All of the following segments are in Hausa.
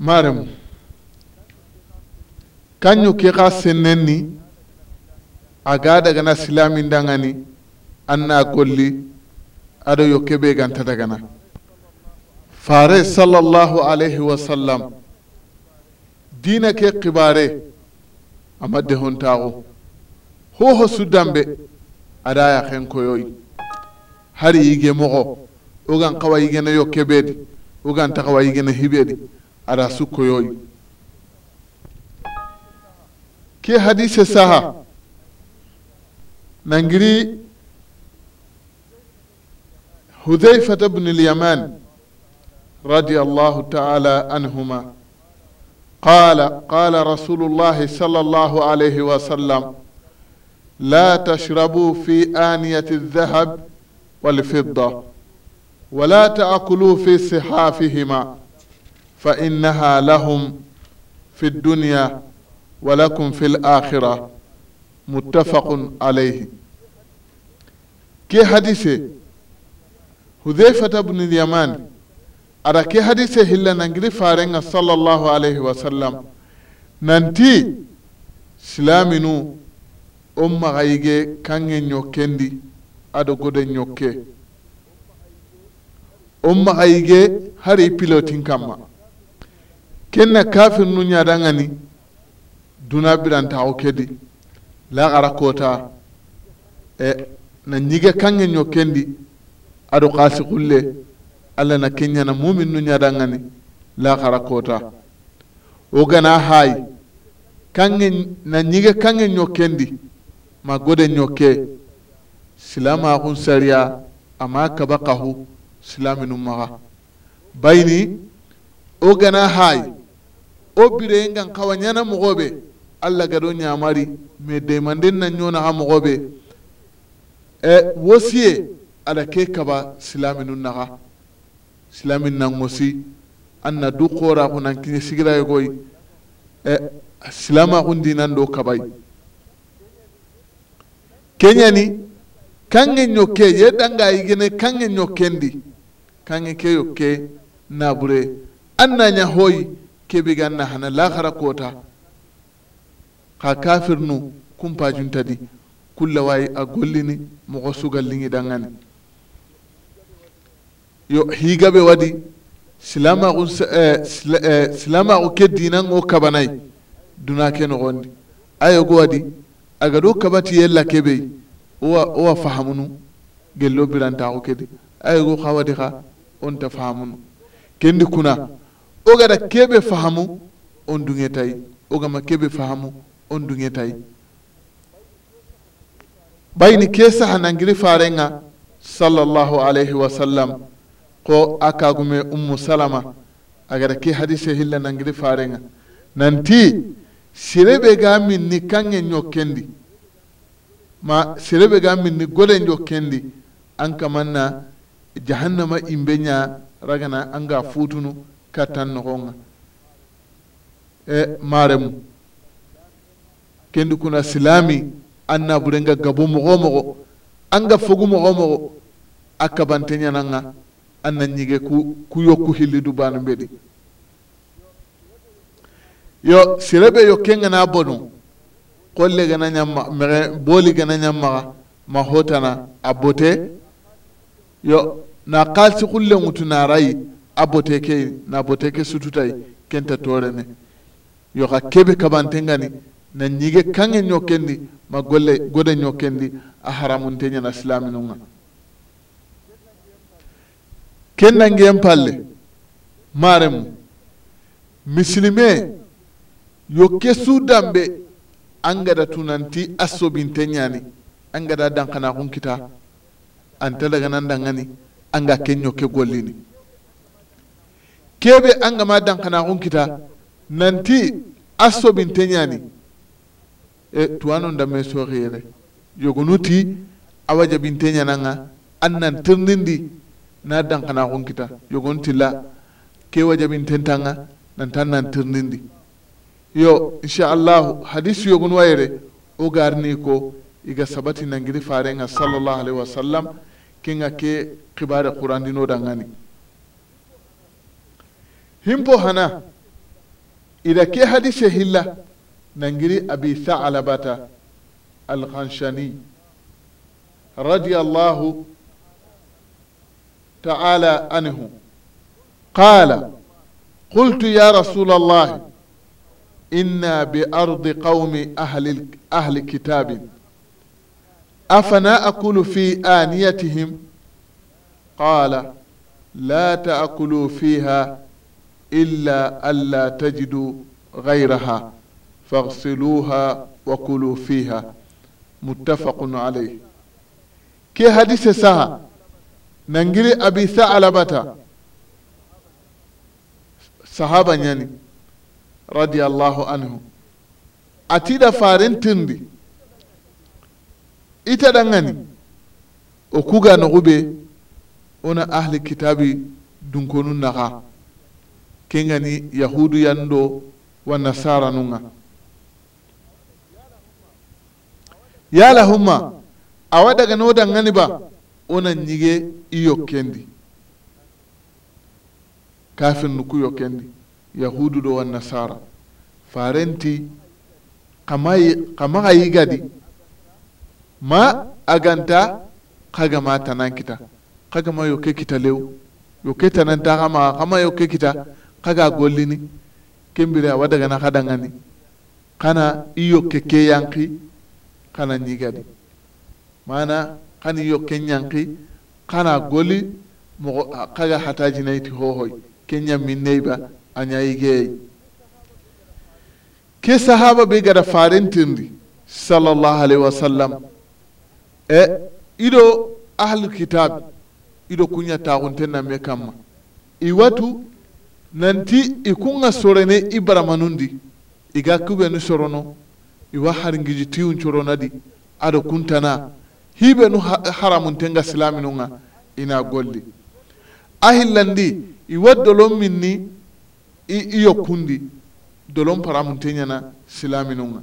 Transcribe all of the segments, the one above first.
marem kanyu ke ka ga daga na silamin dangani anna kulli aɗo yokke ɓe ganta na. fare sallallahu alaihi wa dina ke kibare amma dehontaxo hoho a aɗa yaxen koyoyi hari yige moxo ogan xawa yigene yokke ɓeedi ogan taxawa yigene hiɓeedi ada sukkoyoy ke hadise saha nangiri hudhaifata bnu lyaman رضي الله تعالى عنهما قال قال رسول الله صلى الله عليه وسلم لا تشربوا في آنية الذهب والفضة ولا تأكلوا في صحافهما فإنها لهم في الدنيا ولكم في الآخرة متفق عليه كي حديث حذيفة بن اليمان أرى كي حديث هلا نجري فارنغ صلى الله عليه وسلم ننتي سلامنو أم غايجي كان ينوكندي أدو غدا ينوكي أم غايجي هاري بيلوتين كما kenna kafir nu ñadangani duna birantaxo kedi laxara kota e na ñige kange ño kendi ado xasi xulle alla na kenñana mumin nu ñadangani laxara kota wo gana hayi kange na ñige kange ño kendi ma gode ño ke silamaxun sariya ama kaba xaxu silaminu maxa bayni wo gana hayi o bire ngan kawa nyana mogobe allah gado nyamari me demanden na nyona ha mogobe e wosiye ala ke kaba silaminu naga silamin nan ngosi anna du qora kunan kini sigira yoy e silama hundi nan do kabai kenyani kange nyoke ye danga igene kange nyokendi kange ke yoke nabure anna nya hoyi kebe ganna hana lahara kota ka kafir nu di kulla wayi a gollini mogo sugalliŋi dangane yo be wadi silama eh, sila, eh, silamaxu ke dinaŋo kabanayi duna ke noxondi ayo go wadi do kabati yella la kebei owa, owa fahamunu gello ke kedi ayo go xa wadi on ta fahamunu kendi kuna o gada kebe fahamu on dunge tay o gama kebe fahamu on dunge tay bayni kesa hanangiri farenga sallallahu alayhi wa sallam ko aka gume ummu salama agada ke hadise hilla nangiri farenga nanti sirebe ga ni kange nyokendi ma sirebe ga ni gole nyokendi anka manna jahannama imbenya ragana anga futunu katan noxonga e maremu kendi kuna silami an na burenga gabo moxo moxo an fogu ku, yo sirebe yo kenga na bonu kolle gana boli gana yo na rayi aboteke na aboteke sututai kenta torene yoxa kebe kabantengani na ñige kange ñokendi ma golle gode ñokendi a na ñana silaminunga ken nangiyen palle maremu misilime yo ke su dambe an tunanti a sobinte angada an gada dankanakun kita anta daga dangani an ga ñoke gollini kebe an gama dankanaxun kita nanti a sobinte ɲani e tuwanon danme soxiyere yogonuti awa jabinte nga an nan di na dankana kita yogonuti la ke wa jabintentanga nantan nan tirnindi yo inchallahu hadisi yogunuwa yere o garni ko iga sabati nangiri nga sallallahu alaihi wasallam kinga ke qur'an qurandino dangani himbo hana ida ke hadise hilla nangiri abi thalabata alkanshani radiallahu تعالى عنه قال قلت يا رسول الله إنا بأرض قوم أهل, أهل كتاب أفنا أكل في آنيتهم قال لا تأكلوا فيها إلا ألا تجدوا غيرها فاغسلوها وكلوا فيها متفق عليه كي حديث سا ننجري أبي ثعلبة صحابة يعني رضي الله عنه أتيدا فارن تندي إتدنغني أكوغا نغبي أنا أهل كتابي دنكونو نغا kengani yahudu yando wa nasara nunga yala humma awa daga no dangani ba ona nyige iyo kendi kafin nuku yo kendi yahudu do wa nasara farenti kamaga yigadi ma aganta kagama tanan kita kaga ma yoke kita lew yo ke tanan ta kama yo ke kita kaga gollini kembire awa dagana hadangani kana iyo keke yanki kana ñigadi mana kani yokke ñanki kana goli mogo kaga hatajinayti hohoy ke ñamminneyba a ñayigeey ke sahaba be gada farentirdi sallallahu alaihi wasallam e ido ahlu kitab ido kunya taxunten na me kamma iwatu nanti i kunga sorene i di i ga kubenu sorono iwa haringiji tiyun coronadi ado kuntana hibenu haramuntenga silaminunga ina golli ahillandi iwa dolon minni i yokkundi dolon paramunteñana silaminunga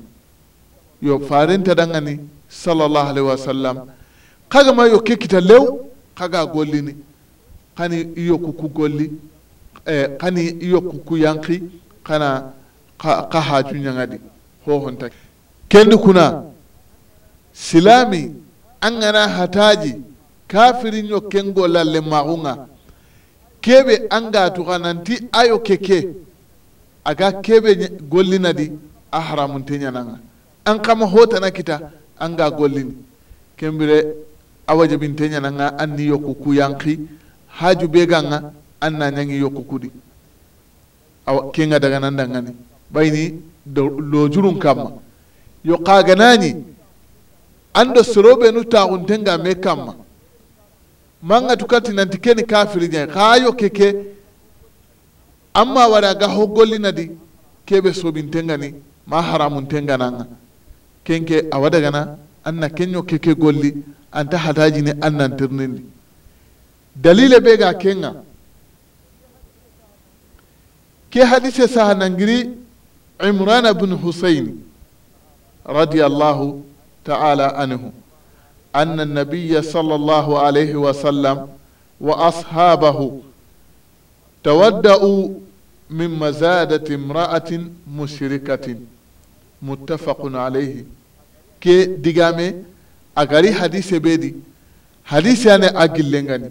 yo farentadangani sallallahu alaihi wasallam kagama yokke kita lew kaga gollini kani i yokku ku golli eh, kani iyo kukuyanki kana ka, ka hajuñagadi hohonta kendi kuna silami an gana hataji kafiriño kengo lalle maxunga kebe an gatuxa nanti ayo keke aga kebe gollinadi a haramunte ñananga an kama hotana kita an ga gollini kembire awajabinte ñananga an ni yoku kuyanki haju be ganga an na ɲangi yokku kudi awa kenga daga nan Bai bayni lojurun kama. yo kaganani ando sorobe nu taxuntenga me kamma manga tukati nan keni kafiri ñayi xa yo keke amma wara ga ho gollinadi keɓe soɓintengani ma haramun haramuntengananga kenke awa gana an na kenyo keke golli anta ne an nantirnindi dalile bai ga kenga ke hadise saha nangiri imrana bin husain radiallahu taala anhu anna nabiya sallallahu llahu wa sallam wa ashabahu tawadda'u min mazadati imra'atin mushrikatin muttafaqun alayhi ke digame agari hadise bedi hadise ane a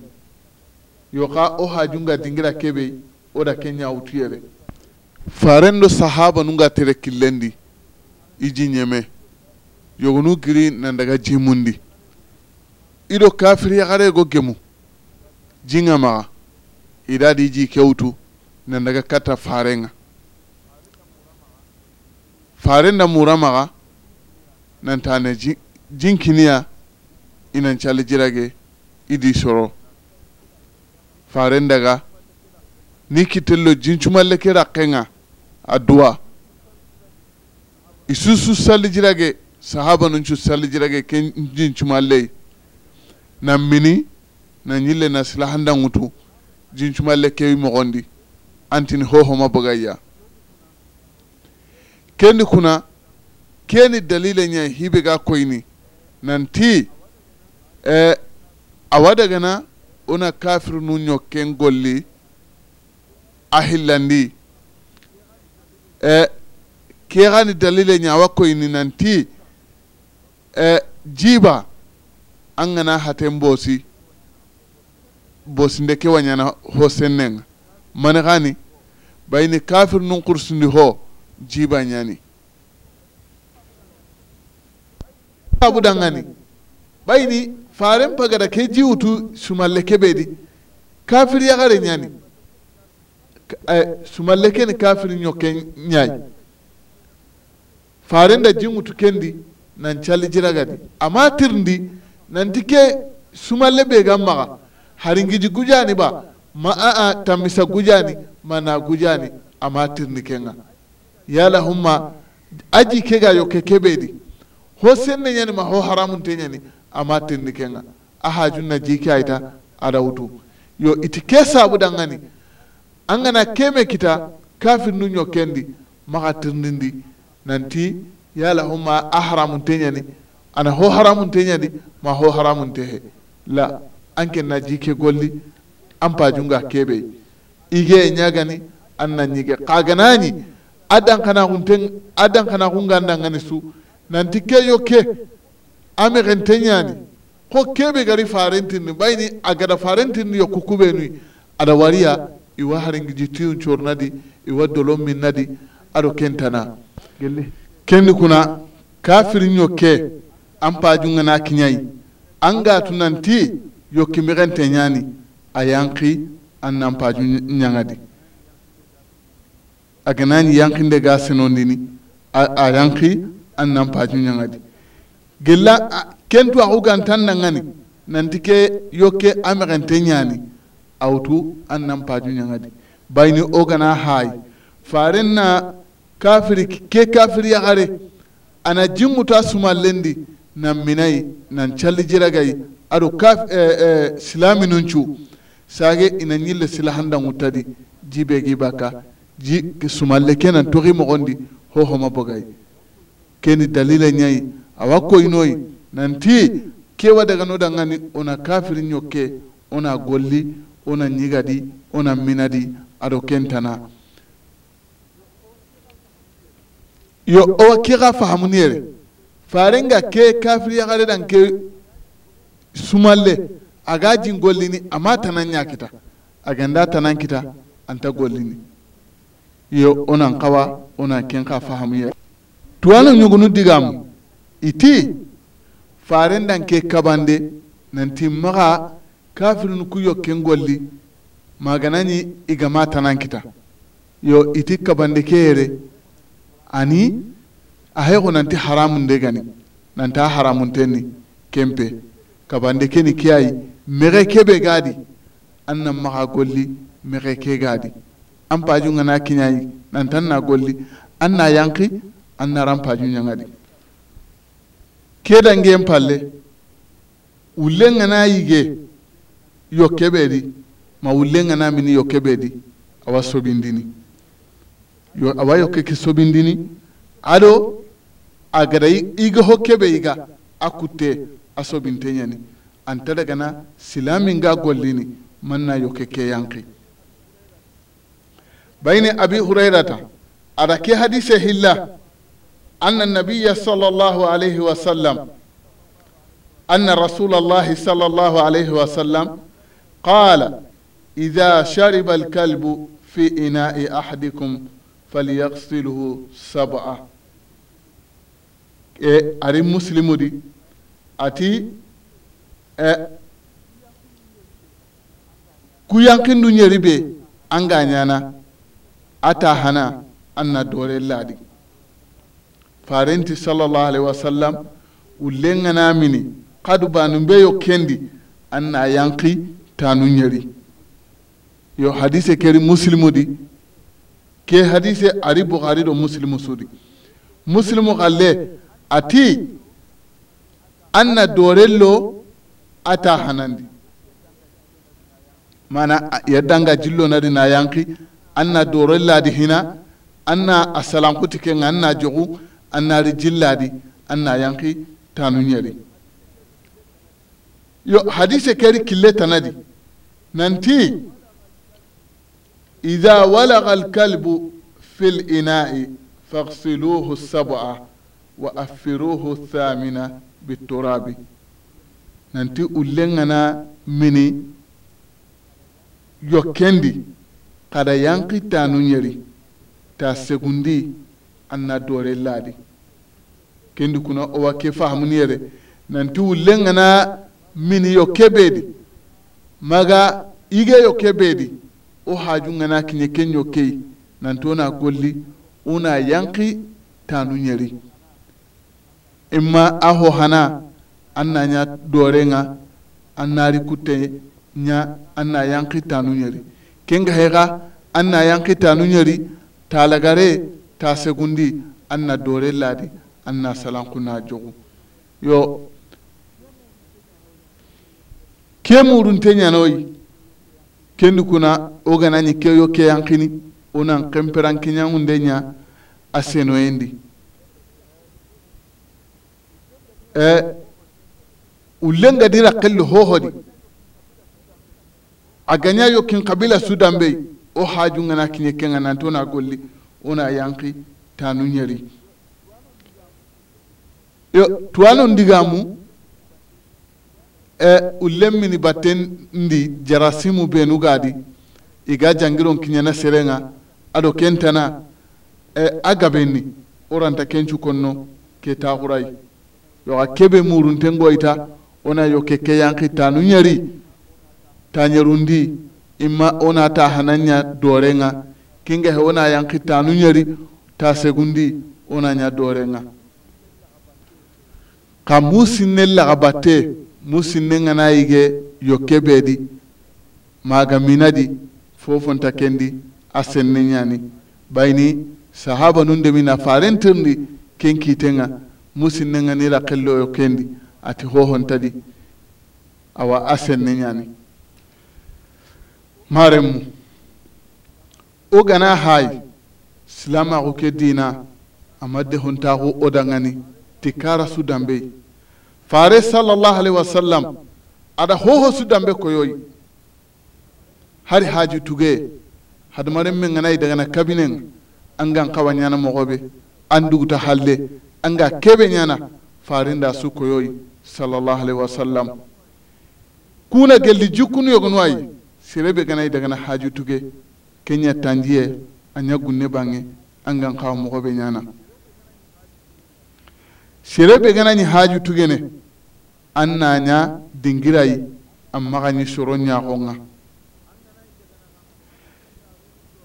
yoka o hajunga dingira keɓey oda ke ñawutu yere sahaba tere killendi yogonu giri nandaga jimundi ido kafiri yagare go gemu jinga maga idadi iji kewutu nandaga mura maga jinkiniya cali jirage idi soro faren daga ni kitello jincumalle ke rakkenga adduwa isusu sallijirage sahaba nuncu sallijirage ke jincumalley na mini na ñille na silahandanŋutu jincumalle kewi mogondi antini hohoma bogayya kendi kuna keni dalile ña hibe ga koyini nanti eh, awa dagana ona kafiru nu ñokken golli ahillandi eh, kegani dalile ñawa koyni nanti eh, jiba an gana haten bosi bosinde ke wañana ho sennenga mane gani bayni kafir nun kursindi ho jiba ñani abudangani bayni faren pagada ke jiwutu sumalle keɓedi kafir yagare ñani Eh, sumalle keni kafiri ño ke ñayi farenda jinŋutu kendi nan cali jiragadi ama tirindi nanti ke sumalle be gan maga haringiji gujani ba ma aa tamisa gujani mana gujani ama tirindi kenga yala humma aji kega yoke ke kebedi ho senne ñani ma ho haramunte ñani ama tirindi kenga a hajunna jiki ayta ada wutu yo iti ke sabu dangani an gana keme kita kafir nu ñokkendi maxa tirndindi nanti yala huma a haramunte ñani ana ho haramunte ñadi ma ho haramun he la an ken jike golli an pajunga keɓey ige ñagani an nan na ñige xaganani a dankanaxunte a dankanaxunga ndangani su nanti ke yo ke a mexente ñani ho keɓe gari farentindi ni a gada ni farentindi yokku a da wariya iwa haringi jitiyun cornadi iwa dolon min nadi aɗo kentana kenni kuna kafir yo ke an pajungana kiñayi an gatu nanti yokki mixente nyani a yanki an nan paju nyangadi a yanki de ga sinondini a yanki an nan paju nyangadi gella kentu axu gantan nangani nanti ke yokke a mexente autu annan paju ñangadi bayni o gana haay faren na kafiri ke kafiri yagare ana jin sumallendi nan minayi nan na minai na cali jiragai ado eh, eh, silami nuncu sage ina ñille sila handanguttadi jibe gi bakka ji sumalle ho toxi ma hohoma bogayi ni dalila ñayi awa koyinoyi nanti kewa daga nodan gani ona kafiri ñokke ona golli ona ñigadi ona minadi ado kentana yo owa kixa fahamuni yere farenga ke kafiriyagare dan ke sumalle aga jin gollini ama tanan ñakita agenda tanan kita anta gollini yo onan xawa ona ken ka fahamu yere tuwano ñugunu digamu iti faren dan ke kabande nanti maxa kafirin ku yokken golli maganani igama tanan kita yo iti kabande kere ani nan nanti haramun de gani nan ta haramun tenni kempe kabande keni kiyayi mege kebe gadi an annan maga golli mege ke gadi an paju ngana kinyayi nantan na golli an na yanki an na ran paju nyangadi ke dangen palle ulle ngana yige yo keɓeeɗi ma wullenganamini yo keɓeeɗi awa soɓindini yo awa yokkeki soɓindini aɗo a gada iga ho keɓe iga a kutte a soɓinte ñani anta dagana gollini manna yokke ke yanki bayni abi hurairata aɗa ke hadise hilla أن النبي صلى الله عليه وسلم أن رسول الله صلى الله عليه وسلم قال إذا شرب الكلب في إناء أحدكم فليغسله سبعة e ari muslimu di ati e kuyankindu ñeri be an ga a ata hana an na dore laadi farenti sallallahu alaihi wasallam mini kadu banin be yo kendi an na yanki ta nu ñeri yo hadise keri muslimu di ke hadise ari bukhari do muslimu sudi muslimu galle ati anna dorello ata hanandi mana jillo nadi na yanki anna na di hina anna na a salankuti ke anna na jogu an naari jilladi anna yanki tanu ñeri yo hadise keri kille tanadi nanti ida walaga alkalbu fi linai faghsiluhu sab'a wa affiruhu thamina biturabi nanti ullengana mini yokkendi kada yankittanu ñeri ta segundi anna dore ladi kendi kuna owa ke fahamuni yere nanti ullengana miniyo keɓeedi maga yigeyo keɓeedi o haju haajungana kiñe kenño keyi nanto na golli una yanki tanu ñeri imma a hana an na ña doorenga an naari kutte ña an na yanki tanu ñeri kenga hexa an na yanki tanu ñeri talagare ta segundi an na doore laadi an na salanku na jogu yo ke murunte ñanoyi kendi kuna wo ganañi keyo yankini wo nan kenperankiñangunde ña a senoyendi e dira rakkelli hohodi a gaña yo kin kabila sudanbey wo haju ngana kiñe kenga nanti wona golli wona yanki tanu ñeri yo tuwano ndigamu e ulemmini batten ndi jarasimu benu gadi iga jangiron kiñana serenga ado kentana e a gabenni oranta kencu konno ke taxurayi yoxa kebe muruntengoyita wona yo ke keyanki tanu ñari tañerundi imma wona ta hananña dorenga kingehe wona yanki tanu ñari ta segundi wona ña dorenga xa mu sinne laxabate musinne ngana ge yo keɓeedi maga minadi fofon takendi a senne ñani ɓayni sahaba nun de mina farentirndi ken kiitenga musinne nganira kello yo kendi ati hohontadi awa a senne nyani maremu o gana hay silamaxu ke dina amadde hontaxu odangani ti kara su dambe. fare sallallahu alaihi wasallam ada hoho su suddanɓe koyoyi hari haaji tuge hadamaren men ganayi dagana kabinen an gan kawa nyana mogoɓe an duguta halle an ga nyana ñana da su koyoyi sallallahu alaihi wasallam kuna gelli jukkunu yogonu ayi serebe ganayi dagana haaji tuge kenya tanjiye a ña gunne bange an gan kawa mogoɓe nyana. gana ganani haju tugene an nya dingirayi an maxañi soro ñaxonga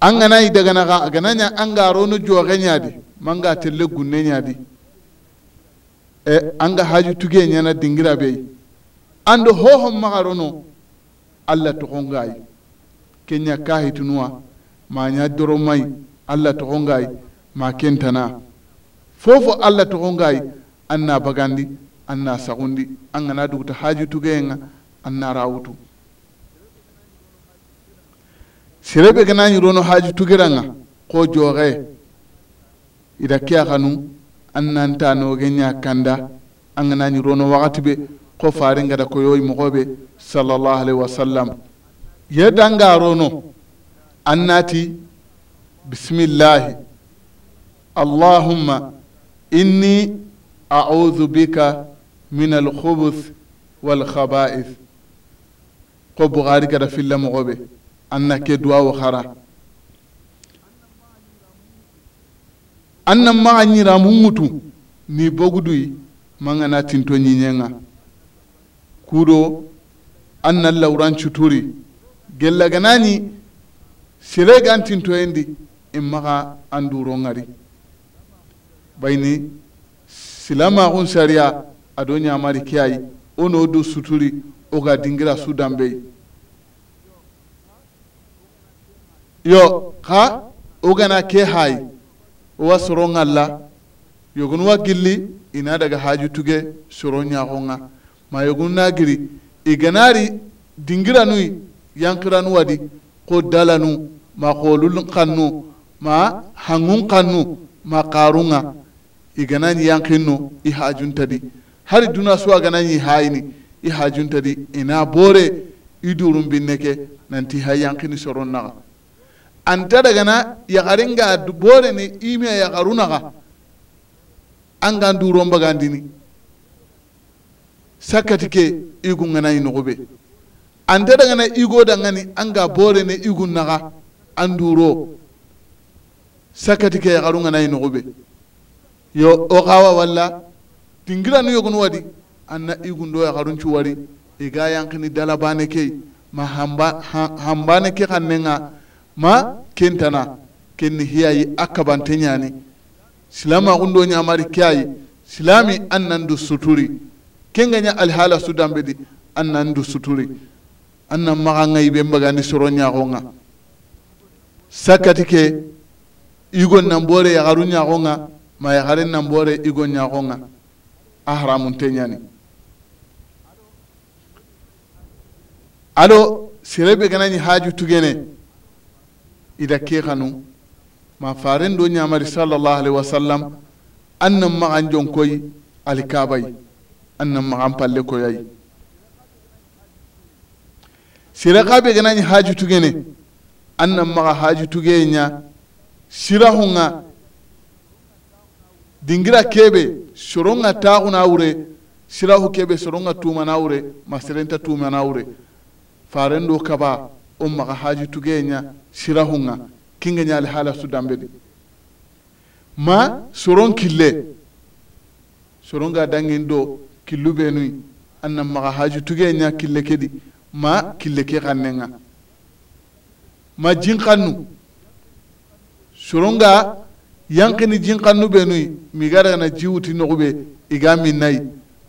an ganayi daganaxa a nya an ga rono jooxe ñadi manga telle gunne di e an ga haju gene ñana dingira an ando hohon maxa rono allah yi kenya ma nya maña doronmayi allah yi ma kentana fofo allah yi an na bagandi an na sagundi an gana duguta haji tugeyenga an na rawutu sirebe gana rono haji tugiranga ko jooxe ida kiya a an nan ta nooge ña kanda an gana rono waxati be ko faringada koyoyi moxoɓe sallallahu alaihi wasallam yedangarono an naati bismillah allahumma inni min al من wal والخبائث ko bugari kada filla mogo be an na ke duwawo xara an na maxa ɲira mu mutu ni boguduyi man ga na tinto ɲiɲenga kudo an na lawuran cuturi gella ganani sere gan tintoyendi in maxa an duro ŋari silamaxun sariya ado ɲamari ke ayi wo no do suturi wo ga dingira su danbeyi yo xa wo gana ke hayi wo wa soron alla yogun wa gilli ina daga haju tuge soron ɲaxonga ma yogun na giri i ganari yankira yankiranu wadi ko dalanu ma xolul xannu ma hangun xannu ma xarunga i gana yankin no i di hari duna suwa gana ganani hayni i di ina bore i durum binne ke nanti hay yankini soron naga anta bore ni ime ya yakaru naga an gan duron bagandini sakati ke igu ganani nogobe anta dagana igo dangani an ga bore borene igu naga an duro sakati ke yakaru ganani nogobe yo o xawa walla tingiranu yogonu wadi anna igundo yaxaruncu wari iga yankini dalabane ke ma hamba, ha, hambane ke xannenga ma kentana ken hiyayi akabante nyani ñani silama do nya mari ayi silami an nan du suturi kenga alhala sudan sudanbe di an nan du suturi an nan ngai be magani soro ñaxonga sakati ke igon nan bore yaxaru ñaxonga ma yaxaren nan bore igo ñaxonga a haramun haramunte ñani ado sirebe ganañi haju tugene ida ke xanu ma faren do ñamari salallah alaihi wasallam an nan maxan jonkoy alikabay an nan maxan palle koyayi sire xabe ganañi haju tugene an nan maxa haju tugeye ña sirahunga dingira kebe soronga taxuna wure sirahu kebe soronga tumana wure maserenta tumana wure do kaba o maxa haji sirahu sirahunga kinga ñali hala su dambedi ma soron kille soronga dangin do killu benui annan maxa haji tugeña kille kedi ma kille ke xannenga ma jin jinxannu soronga yankini jinkannu benui miga dagana jiwuti noxuɓe igami nai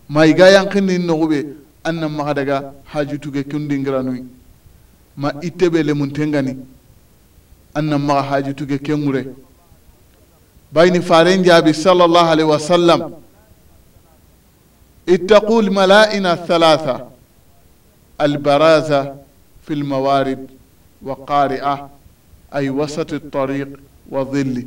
ma iga yankini noxuɓe an nan maxa daga hajutuge kundingiranui ma le ɓe lemuntengani an nan haju tuge kengure bayni faren jaabi sallallahu alaihi wa sallam ittaqu lmala'ina thalatha albaraza fi lmawarid wa qari'a ay wasati الطريق وظله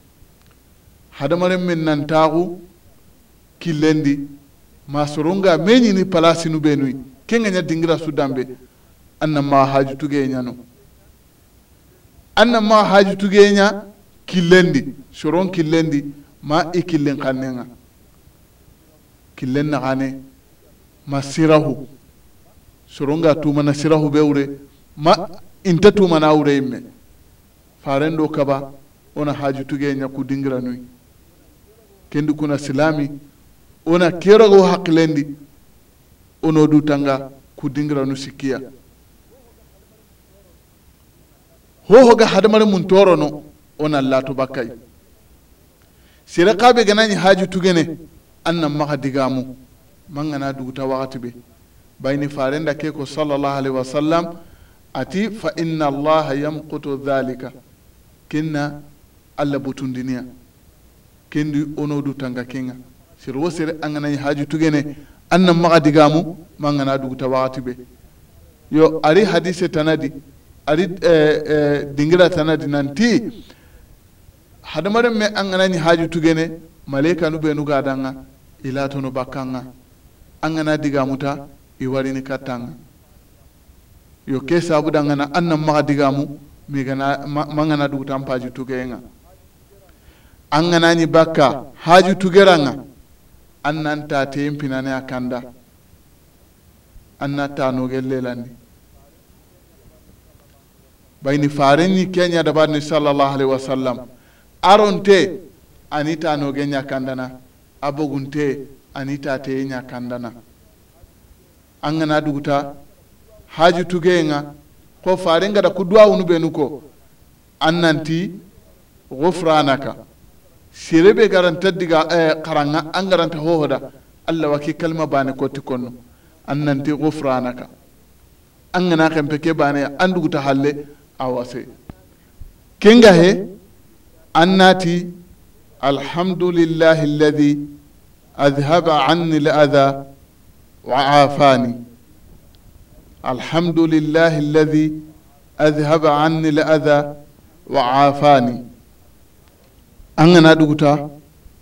hadamaren min nan taxu killendi ma soronga me ñini palasinu be nuyi ke ga ña dingira sudanbe an na ma haju tuge ñano an na ma haju hajutugee ña killendi soron killendi ma i killen xannenga killen naxane ma sirahu soronga tumana sirahu be wure ma inta tumana wure yimme faren do kaba haju tuge ña ku dingira nui. kendi kuna silami ona kerago hakkilendi ono dutanga kudingiranu sikkiya hohoga hadamare mun torono ona lato bakkay sere kaɓe ganañi haju tugene annan maha digamu mangana duguta wakati be bayni farenda ke ko sallallahu alaihi wasallam ati fa inna allaha yamqutu dhalika kinna allah butundiniya kendi du tanga kenga sir wo sere an ganayi haaju tugene an nan maxa digamu ma ngana duguta waati be yo ari hadise tanadi ari eh, eh, dingira tanadi nanti hadamaren me angana ganañi haaju tugene malaika nu nu gadanga tonu bakanga an digamu ta i warini katanga yo ke sabu dangana an nan maxa digamu migana ma ngana dugutan tugenga an ni baka haju tugeranga an nan ta teyin pinane a kanda an na ta bai ni bayni ni kenya da ba ni sallallahu alaihi wasallam te ani ta tanoge ñakandana a te ani ta ya kandana an gana duguta haju tugeyenga ko faren gada ku duwawunu benu benuko an nanti gufranaka be garanta diga eh, karanga an garanta hohoda allah waki kalma bane koti konno an nanti gufranaka an gana kempe ke baneya an duguta halle a wase kenga he an nati alhamdulillahi alladhi azhaba anni ladha wa afani alhamdulillahi alladhi azhaba anni ladha wa afani an gana duguta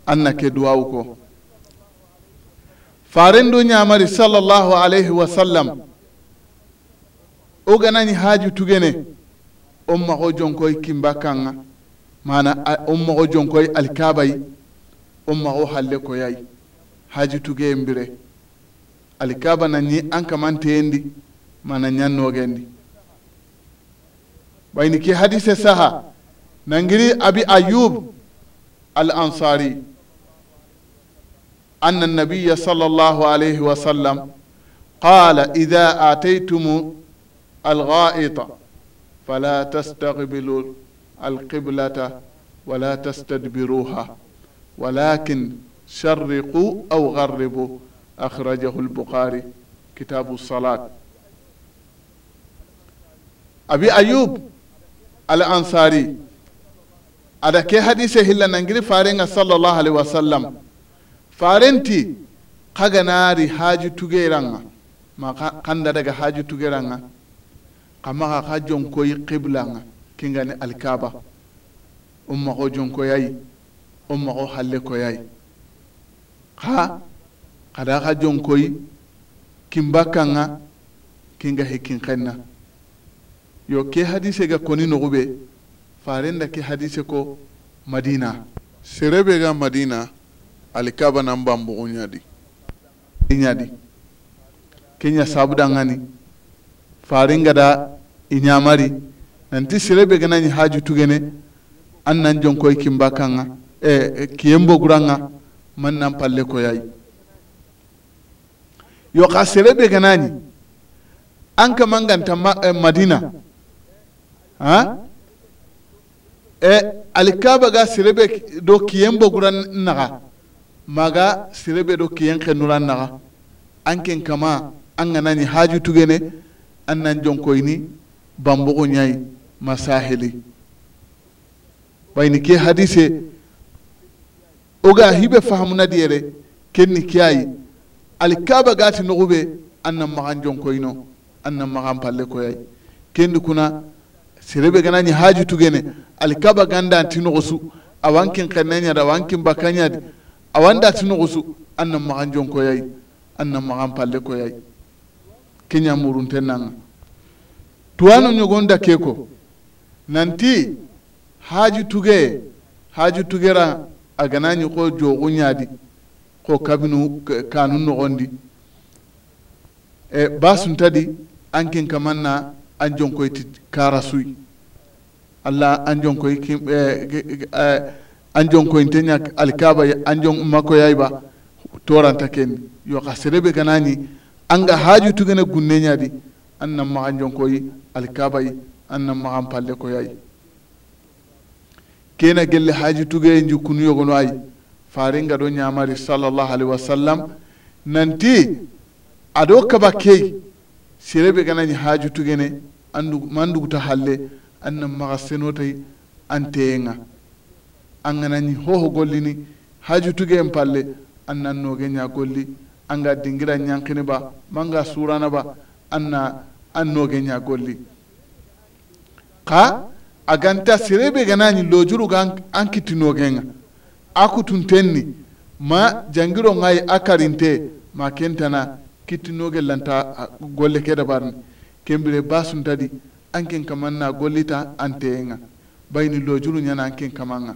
an na ke duwawu ko farin duniya mari sallallahu alaihi wasallam o ganani haaju tugene on maxo jonkoy kimba kanga mana on maxo jonkoy alikabayi on maxo halle koyayi haaju tugeyen bire alikaba nani an kamanteyendi mana ñannogendi bayni ke hadise saha nangiri abi ayub الأنصاري أن النبي صلى الله عليه وسلم قال إذا آتيتم الغائط فلا تستقبلوا القبلة ولا تستدبروها ولكن شرقوا أو غربوا أخرجه البخاري كتاب الصلاة أبي أيوب الأنصاري ada ke hadise hilla nangiri farenga sallallahu alaihi wasallam farenti kaganari haji tugeranga ma kanda daga haji tugeranga kama ka jonkoyi qiblanga kingani alkaba umma ko jonkoyayi umma ko halle koyayi ha kada ka jonkoyi kimbakanga kinga hikin kenna yo ke hadise ga koni nogube da ke hadisi ko madina bai ga madina alikaba nan bambugu ñadi inyadi kenya sabudangani faringada iñamari nanti gana ganañi haju tugene an nan jonkoy kimba kanga e, e kiyen guranga man nan palle koyayi yo ka gana ni an ganta eh, madina ha e alikaba ga sirebe do kiyen boguran naga maga sirebe do kiyen kenuran naga an ken kama an ga nani haju tugene an nan jonkoyni bambogo ñayi masahili bayni ke hadise oga hibe fahamunadi yere kenni kiyayi alikaba gati noguɓe an nan maxan no an nan maxan palle koyayi kendi kuna sirebe ganani haji tugene alikaba ganda tinogosu awankin kenneñadi awankin bakkañadi awanda tinogosu annan maxan jonkoyayi annan maxan palle koyayi keña murunten nanga tuwano ñogonda ke ko nanti haji tuge haji tugera a gana ni ko di ko kabinu kanu noxondi e basuntadi ankin kamanna an kara suyi allah an koy kim an eh, jonkoynte eh, ñak alkaba an jon makkoyay ba toranta ken yo xa serebe ganani anga haaju tugene gunne ñadi an nan maxan jonkoyi alkabay an nan maxan palle yayi kena gelle haaju tugeye jukkunu yogono ay faringa do nyamari sallallahu alaihi wasallam nanti ado kaba key be ganañi haaju tugene ta halle an nan maxa senotay an teyenga an ganañi hoho gollini haaju tugen palle an nan noge ña golli an ga dingira ñankini ba manga surana ba an na an noge ña golli xa a ganta be ganañi lojuru ga an kitti nogenga a tenni ma jangiro ngayi a karinte ma kentana kittinogel lanta golle keda barne kembire basun tadi anken kamanna gollita anteenga bayni lojulu ñana anken kamanga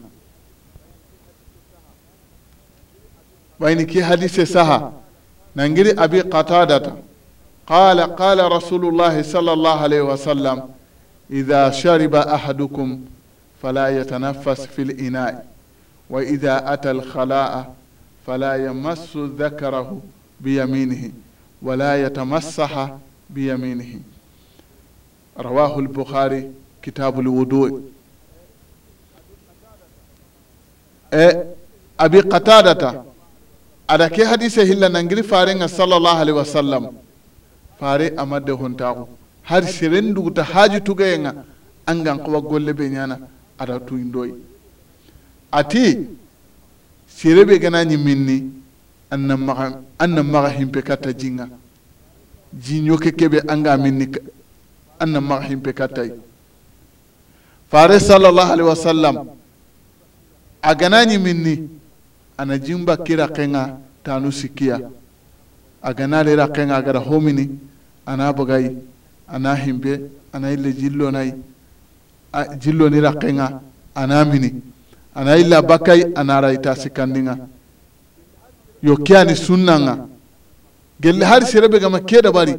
bayni ki hadise saha nangiri abi qatadata qala qala rasulullahi sall llahu alayhi wa sallam ida shariba ahadukum fala yatanafas fi linai wa ida ata alkhala'a fala yamassu dhakarahu biyaminihi wala yatamassaha biyaminihi rawahu lbukhari kitabul wudu e abi qatadata aɗa ke hadise hilla nangiri farenga sallllahu alaihi wa sallam fare amadde hontaku har seren duguta haaji tugayenga angan kowa golle ɓe ñana aɗa tuyindoyi ati serebe gana annan maga annan himpe kata jinga jinyo ke kebe anga an na maga himpe kata fare sallallahu alaihi wasallam aganani minni ana jimba kira kenga tanu sikiya agana lera kenga agara homini ana bagai ana himbe ana ile jillo nai jillo ni rakenga ana mini ana illa bakai ana raita sikandinga yo ke ani sunnanga gelle hari serebe gama ke dabari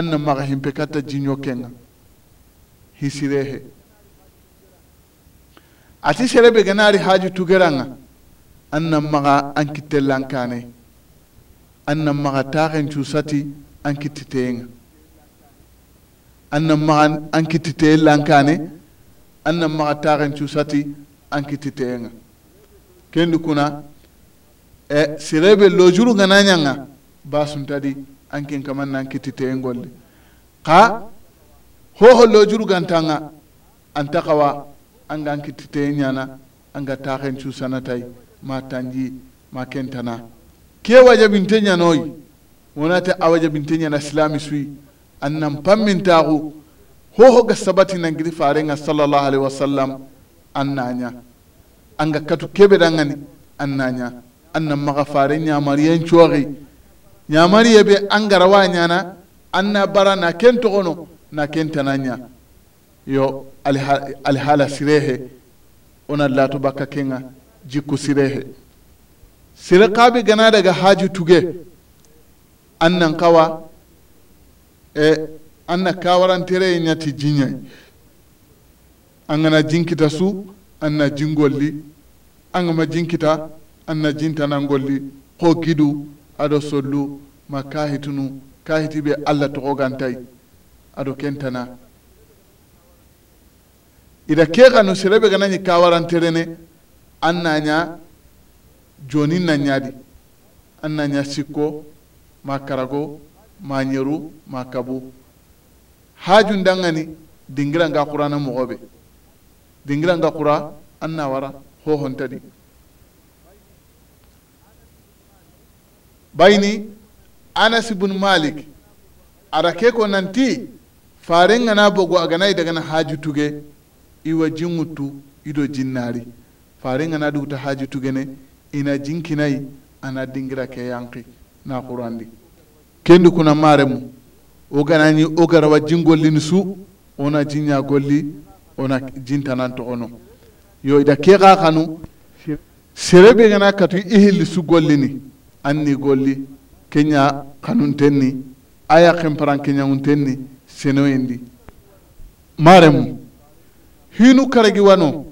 anna maga himpe katta jinyo kenga hisirehe ati serebe ganari haji tugeranga anna maga an kittellankane anna maga taxen cusati an kittiteenga anna maga an kittiteellankane anna maga taxen cusati an kittiteenga kendi kuna e si rewɓe lojuru nganañanga basum tadi ankin kaman nan kittite en golle ka hoho lojuru gantanga antakawa anga an kittite en ñana anga taken cuusana tay ma tanji ma kentana ke wajabinte ñanoyi wonate a wajabinte ñana silami suyi an nan pammintaku hoho ga sabati nangiri farenga sallallahu alaihi wasallam an naña anga katu keɓe ɗangani an naña annan maga fare ñamariyen cooxi ñamariye be an garawa ñana an na bara na kenta toxono na kenta tana ña yo alhala sirehe ona latu baka kenga jikku sirehe sire qaɓe gana daga haji tuge an nan kawa e an na kawarantere ñati jinya, an gana jinkita su an na jingolli an gama jinkita anna jintanan golli ho kidu ado sollu ma kahitunu kahiti be allah toxogantayi aɗo kentana ida ke xanu serebe ganañi kawaranterene an naña jonin na ñaadi an naña sikko ma karago ma ñeru ma kabu hajundangani dingiranga qurana moxoɓe dingiranga qura an na wara hohontadi bayni anas ibn malik ara ke ko nanti faren gana bogo daga na haaju tuge iwa jinŋuttu ido jinnari faren gana duguta tuge ne ina jinkinai ana dingira ke yanki na qurandi kendi kuna maremu wo ganani wo garawa jingollini su wona jinña golli ona jinta wona jintanan togono yo ida ke xa xanu serebe gana katu i hilli su gollini anni golli kenya tenni aya kemparan seno indi. maremu hinu karagi wano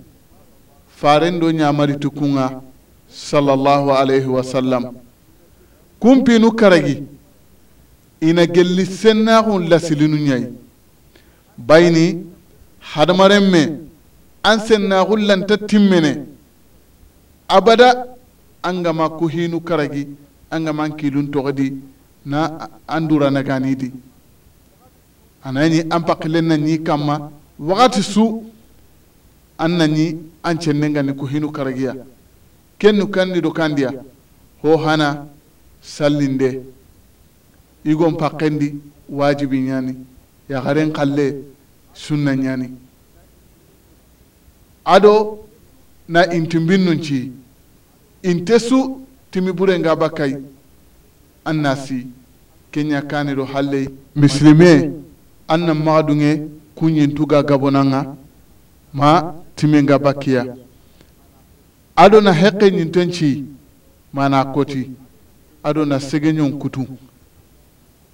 faren do ñamari tukkunga sallallahu alayhi wa sallam kumpinu karagi ina gelli sennaxun lasilinu nyai bayni hadamaren me an sennaxun lanta timmene abada an gama ko hinu karagi an ga man kilun togodi na an durana gani di anani an pakilen na ni kamma wakati su an nani an cennen gani ku hinu karagiya kennu kandi do kandiya ho hana de igon pakkendi wajibi ñani yaharen kalle sunna ñani ado na intimbin nun ci inte su timi bure bakkai an na si kenya kane do halle misilime an na magadunge kuñintuga gabonanga ma timenga bakkiya ado na heqe ñinten ci mana koti ado na segeñon kutu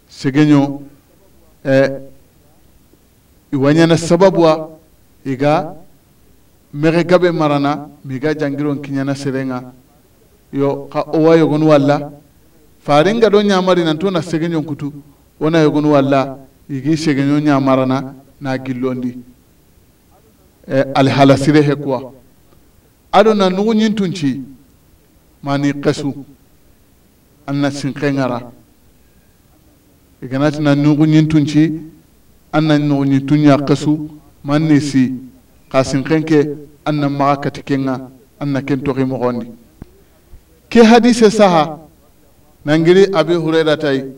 segeño eh, iwañana sababuwa iga mexe gabe marana miga jangiron kiñana serenga yo xa owa yogon walla faringa do ñamari nan to na segeñon kutu wona yogon walla yigi segeño ñamarana na gillondi e alhala sire he kwa ado na nugu ñintunci mani qasu an na sinkeŋara iganati na nugu ñintunci an na nugu ñintuña kesu man ni si xa sinken an na maxa kati kenga an na ken toxi moxondi ke hadise saha nangiri abi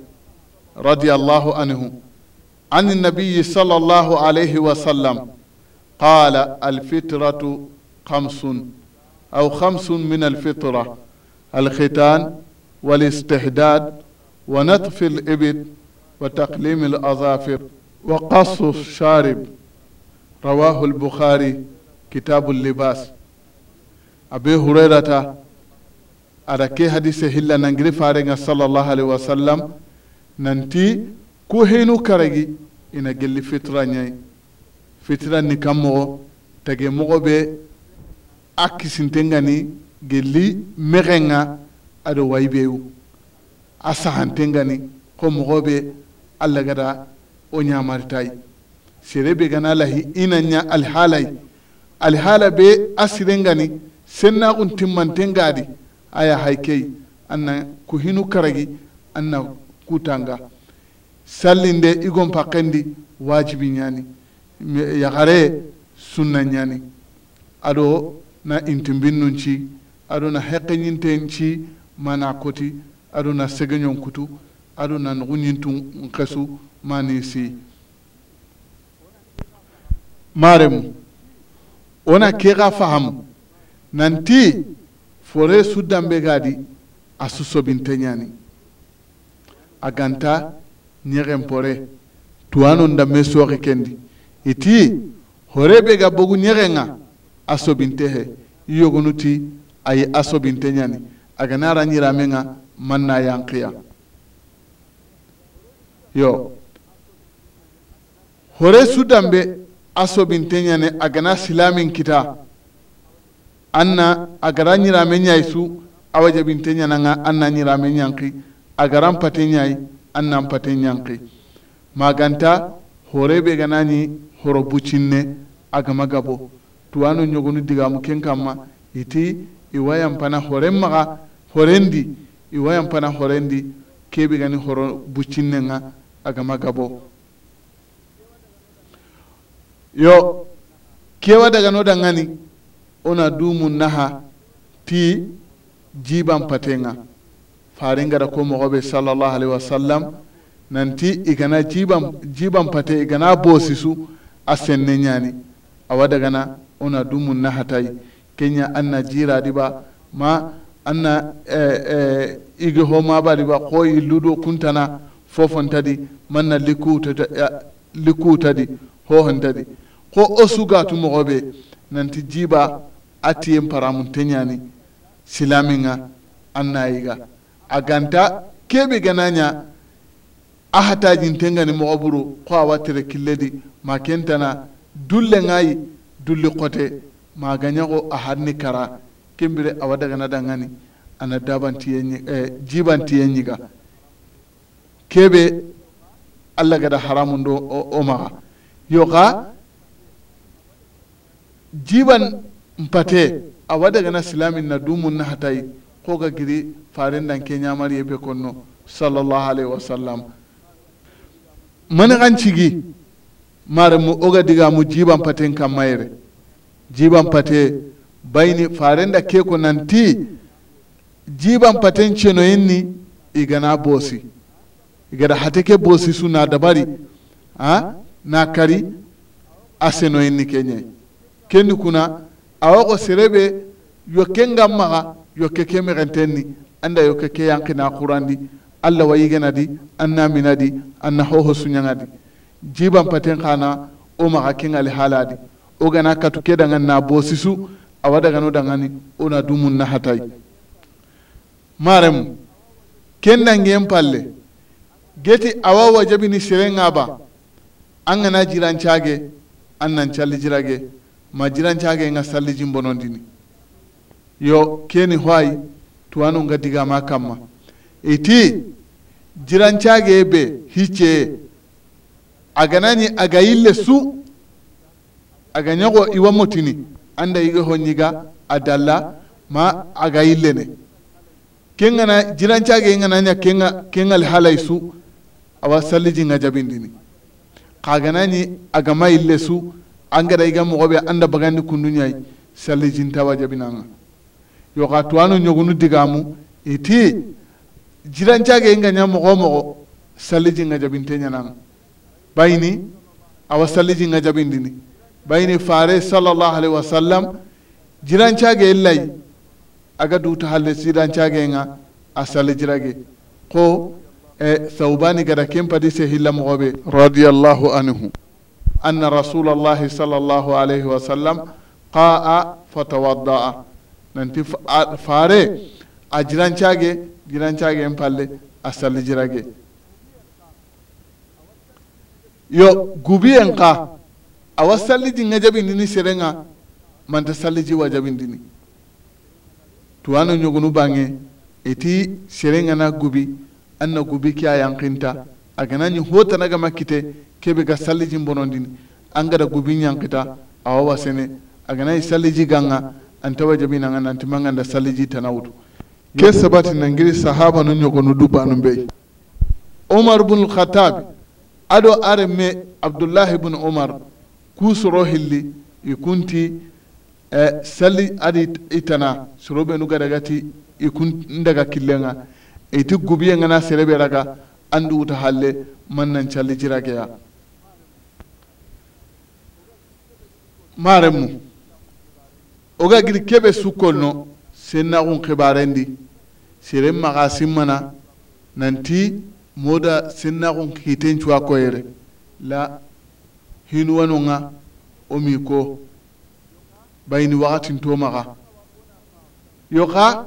رضي الله anhu عن النبي صلى الله عليه وسلم قال الفطرة خمس أو خمس من الفطرة الختان والاستحداد ونطف الإبد وتقليم الأظافر وقص الشارب رواه البخاري كتاب اللباس أبي هريرة ada ke hadise hilla nangiri farenga sallallahu alaihi wasallam nanti ku henu karagi ina gelli fitra ñayi fitra ni kam moxo tage moxo be a kisintengani gelli mexenga ado waybeyu a ko moxo be allah gada o ñamaritayi sere be gana lahi ina ña alhalayi alhala be a sirengani sennaxun timmantengadi aya haikei anna ku hinu karagi anna kutanga sallinde igon pakkendi wajibi ñani yagare sunna ñani ado na intimbinnu ci ado na heqeñinten ci mana koti ado na segeñon kutu ado na nuguñintu nkesu mani si maremu wona ke ga fahamu nanti fore suddanɓe gaadi a susobinte ñaani a ganta ñexen pore tuwanon danme sooxi kendi iti horeɓe ga bogu ñexenga a sobinte he i yogonuti ayi a sobinte ñani a gana ra man na yankiya yo hore sudanbe a sobinte ñane a gana silamin kita anna agara me nyai su binte jabinte nga anna ñirame ñanki agaran pate ñayi anna pate ñanki maganta horebe ganani horo bucinne agama gabo tuwano ñogonu digamu ken kama iti iwayanpana horen maga horendi iwayanpana horendi kebe gani horo bucinnenga agama gabo yo kewa daga no dangani ona dumu naha ti jiban patenga gara ko mogoɓe sallallahu alaihi wasallam ti igana jiban jiban pate igana bosisu a senne a awa dagana ona dumu naha yi kenya anna ba ma anna eh, eh, ige ho ba ko ludo kuntana fofon tadi manna likku tadi eh, hohon tadi ko o sugatu nan ti jiba atiyen paramunte ñani silaminga an ga a ganta keɓe gananya a hatajintengani moxo ko a awa tere killedi ma kentana yi dulle kote ma gañaxo a harni kara kembire awa dagana dangani ana dabantiye eh, ga ke keɓe allah gada haramun do o, o maxa yo xa jiban mpate wada gana silamin na dumun na hatai ko ga giri farin dan ke mari yebe konno sallallahu alaihi wasallam mani kan cigi mara mu oga diga mu jiban paten kan mayre jiban pate bayni farin da ke ko nanti jiban paten ceno inni igana bosi igada hateke bosi suna dabari ha na kari aseno inni kenye kendi kuna awa ko serebe yoke ngam maga yoke ke megentenni anda yoke ke yankina qurandi allah wa yigenadi anna minadi anna hoho suñangadi jiban paten xana o maxa kengali haladi o gana katu ke dangan na bosisu awa dagano dangani ona dumun na hatay maremu ken dangen palle geti awa wajabini serenga ba an gana jirancage an nan jirage ma jirancaage nga salliji bonondini yo keni hoayi tuwanu nga digama kamma iti jirancaage be hicce aganani aga yille su aga ñogo iwa motini anda yiga ho ñiga a dalla ma aga yille ne kengana jirancaage nganaña kenga kengal halay su awa salliji nga jabindini kaganani agama yille su angada iga mogoɓe anda bagandi jabi salli jintawa jabinanga yoka tuwanu ñogunu digamu iti jirancage inga ña mogo mogo salli jinga jabinte ñananga bayini awa salli jinga jabindini bayini fare sallallahu alaihi wasallam jirancage illayi aga duta halle jirancage nga a sali jirage ko e eh, saubani gada ken padi se hilla mogoɓe anhu أن رسول الله صلى الله عليه وسلم قاء فتوضأ nanti faare a jirancage jirancageen palle a salli jirage yo gubiyen ka awa salliji nga jabindini serenga manta salliji wa jabindini tuwano ñogunu bange iti serenga na gubi an na gubi ke a yankinta a ganañi hotanagama kebe ga salliji bonondini an gada wawa sene a gana yi salliji ganga antawa jabinanga nanti manganda salliji tanawutu ke sabati nangiri sahaba nu ñogonu dubanu bai. Umar bin khatabi ado are me abdullahi bin Umar ku soro hilli i kunti eh, salli adi itana sorobe nu gati i kun ndaga killenga iti gubiye sere serebe raga andu uta halle man nan calli ya maremu oga giri kebe sukkolno sennaxun xibarendi seren maxa simmana nanti moda sennaxun xiten cuwa koyere la hinuwanonga ko bayini maxa yoxa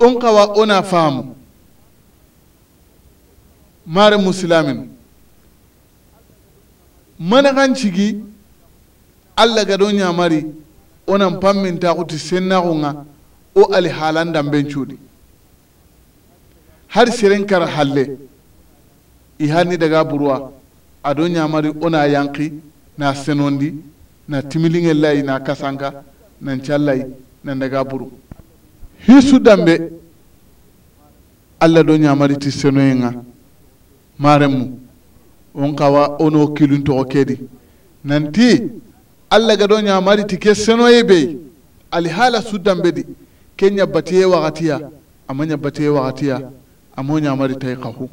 on xawa ona faamu mare musilamin manaxan cigi allah gado ñamari onan pammintaxuti sennaxunga wo ali halandanben cuuɗi har siren kara halle i hanni daga burwa ado ñamari ona yanki na senondi na timilinŋe layi na kasanka nan callayi nan daga buru hisu dambe allah do ñamari ti senoyen ŋa maren mu on kawa ono kiluntoxo kedi nanti allah ga ɗo ñamari ti ke senoye ɓey alihaala suddanɓe ɗi ke ñabbatiye wakatiya ama ñabbatiye wakatiya amo ñamari tayi kahu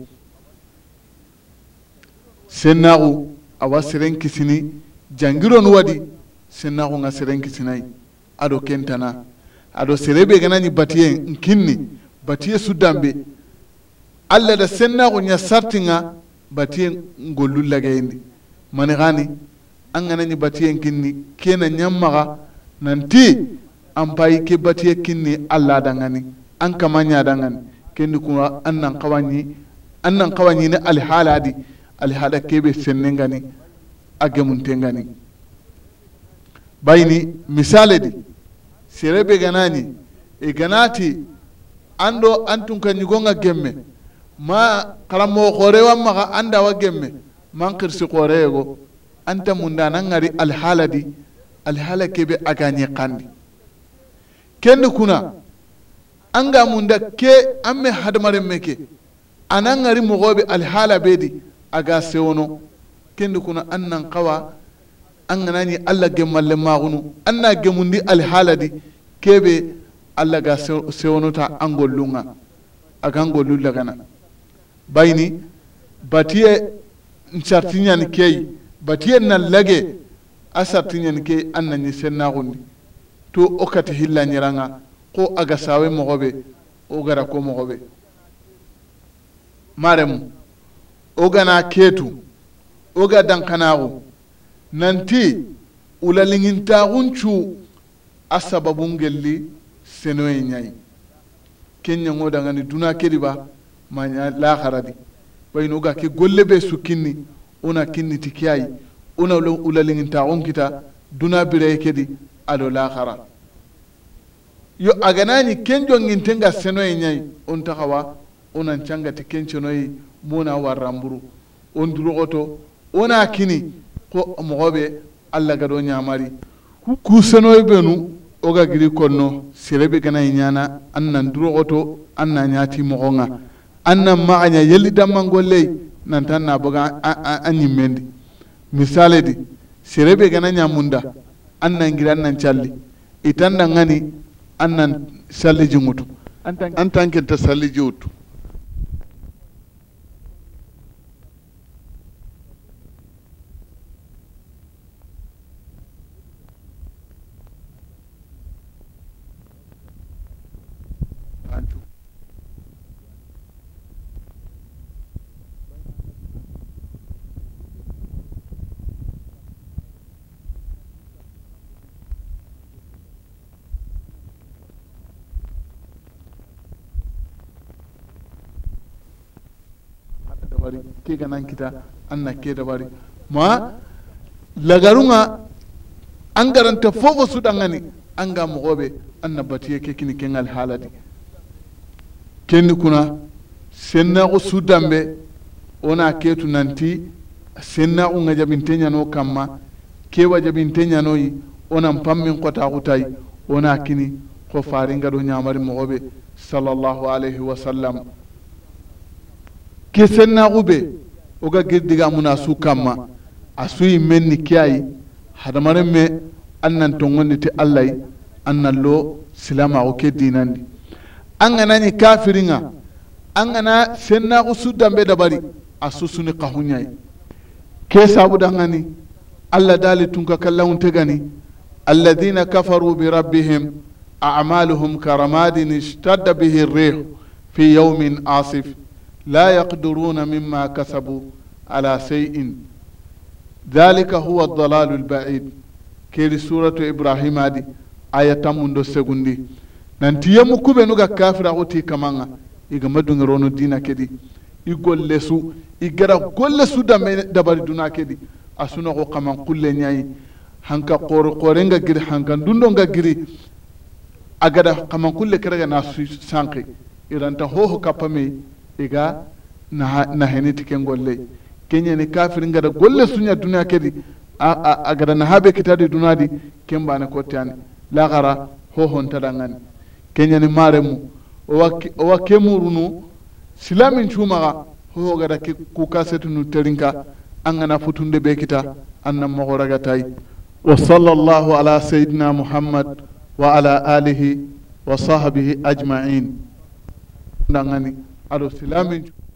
sennaku awa seren kisini jangiron wadi sennaku nga seren kisinayi aɗo kentana aɗo serebe ganani batiye nkinni batiye suddanɓe allah da sennaku ña sartinga batiye ngollu lagayindi mani hani an ganani batiyen kinni kena ñammaxa nanti an payi ke batiye kinni alla dangani an kama ɲa dangani kendi kuma an nan xawaɲi an nan xawaɲini alihala di alihala kebe sennen gani a gemunten gani bayini misale di serebe ni e ganati an do an tunka ɲigonga gemme ma xaranmoxo xorewa maxa an dawa gemme man xirsi xooreyego anta munda nan ngari alhala di alhala a aga kandi kendi kuna anga munda ke an amme hadmaren meke anan ngari be alhala a ga sewono kendi kuna nan kawa an ganani allah gemmalle magunu anna gemundi alhala di be allah ga ta an gollunga kan gollu lagana bayni batiye ni keyi batiyen nan lage a sartiñen ke an sen sennaxundi to o kati hillañiranga ko aga sawe be o gara ko mɔgɔ be maremu o gana ketu o ga dankanaxu nanti ulaliŋintaxun cu a sababun gelli senoye ñayi kenñango dangani duna kediba ma lahara di bayino ga ke golle be sukkinni una kinniti kiyayi una ulaliŋintaxun kita duna bire kedi ado laxara yo aganañi ken jongintenga senoye ñayi un taxawa unan cangati ken cenoyi muna warranburu on duroxoto una kini ko moxoɓe allah gado ñamari ku senoye benu oga giri konno serebe ganayi ñana an nan duroxoto an na ñati moxonga an nan maxaña yelli dammangolley nan tan na boga an mendi misale di serebe gana ñamunda an nan gira an nan calli itan nan ngani an nan salli jingutu an tan ta salli jiwutu ke ganan kita an na ke dabari ma lagarunga an garanta fofo su dangani an ga mogobe an na batiye ke kini ken alhaladi kenni kuna sennaku su dambe wona ketu nanti sennaku nga jabinte ñano kamma kewa jabinte ñanoyi onan pammin kotaxutayi wona kini ko faringa do ñamari mogobe sallallahu alaihi wasallam ke sennaxu be wo ga girdiga muna su kanma a suyi men ni ke ayi hadamaren me an nan tongondi ti allayi an nan lo silamaxu ke dinandi an gana ni kafiringa an gana sennaxu su danbe dabari a susuni xaxunɲayi ke sabudangani allah dali tunka kallawunte gani alladina kafaru birabbihim a'amaluhum karamadin ishtadda bihi rih fi yaumin asif min ma kasabu ala sai in على huwa dalalul هو الضلال البعيد ibrahim سورة إبراهيم هذه آية segundi nan nanti yemu kube nuga kafira oti kamanga iga madungerono dina kedi i golle su i gara golle su dame dabari duna kedi asuna ko kaman kulle ñayi hanka kore kore nga giri hanka dundo nga giri a gada kaman kulle kerega na su sanki iranta hoho kappamei iga naheni ti ken golle kenyani kafirin gada golle sunya duniya kedi a gada na kita di duniya di ken bane kottani lagara hohontadangani kenyani maremu owa kemurunu silamin cumaga hoho gada ke kuka setunu terinka an gana futunde be kita annan magoragatai wa sallallahu ala sayidina muhammad wa ala alihi wa sahbihi ajma'in dangani a los